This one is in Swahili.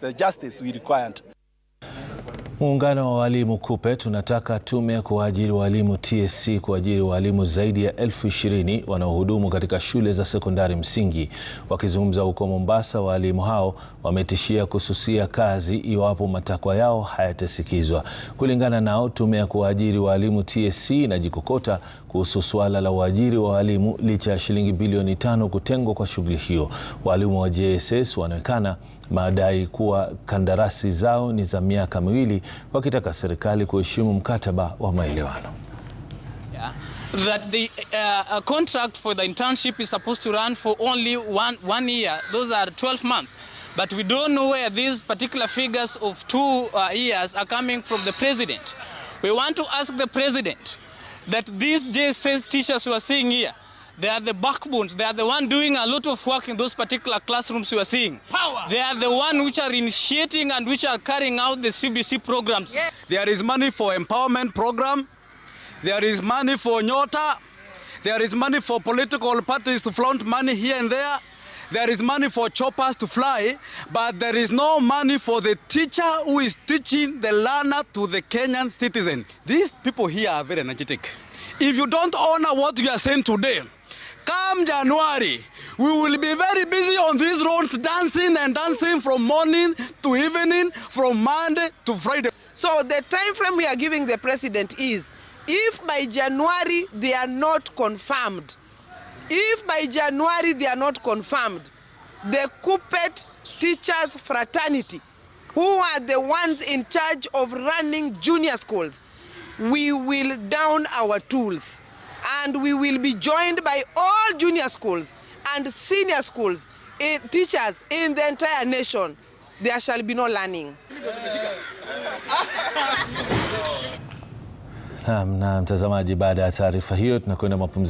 The justice we required. Muungano wa walimu KUPPET unataka tume ya kuwaajiri walimu TSC kuajiri walimu zaidi ya elfu ishirini wanaohudumu katika shule za sekondari msingi. Wakizungumza huko Mombasa, walimu hao wametishia kususia kazi iwapo matakwa yao hayatasikizwa. Kulingana nao, tume ya kuwaajiri walimu TSC inajikokota kuhusu suala la uajiri wa walimu licha ya shilingi bilioni tano kutengwa kwa shughuli hiyo. Walimu wa JSS wanaonekana madai kuwa kandarasi zao ni za miaka miwili, wakitaka serikali kuheshimu mkataba wa maelewano. Yeah. That the uh, contract for the internship is supposed to run for only one, one year. Those are 12 months. But we don't know where these particular figures of two uh, years are coming from the president. We want to ask the president that these JSS teachers who are seeing here They are the backbones. They are the one doing a lot of work in those particular classrooms you are seeing. Power. They are the one which are initiating and which are carrying out the CBC programs. Yeah. There is money for empowerment program. There is money for Nyota. Yeah. There is money for political parties to flaunt money here and there. There is money for choppers to fly, but there is no money for the teacher who is teaching the learner to the Kenyan citizen. These people here are very energetic. If you don't honor what you are saying today, Come January, we will be very busy on these roads dancing and dancing from morning to evening, from Monday to Friday. So the time frame we are giving the president is if by January they are not confirmed, if by January they are not confirmed, the Kuppet Teachers Fraternity, who are the ones in charge of running junior schools, we will down our tools and we will be joined by all junior schools and senior schools in eh, teachers in the entire nation. There shall be no learning. Naam, na mtazamaji, baada ya taarifa hiyo tunakwenda mapumziko.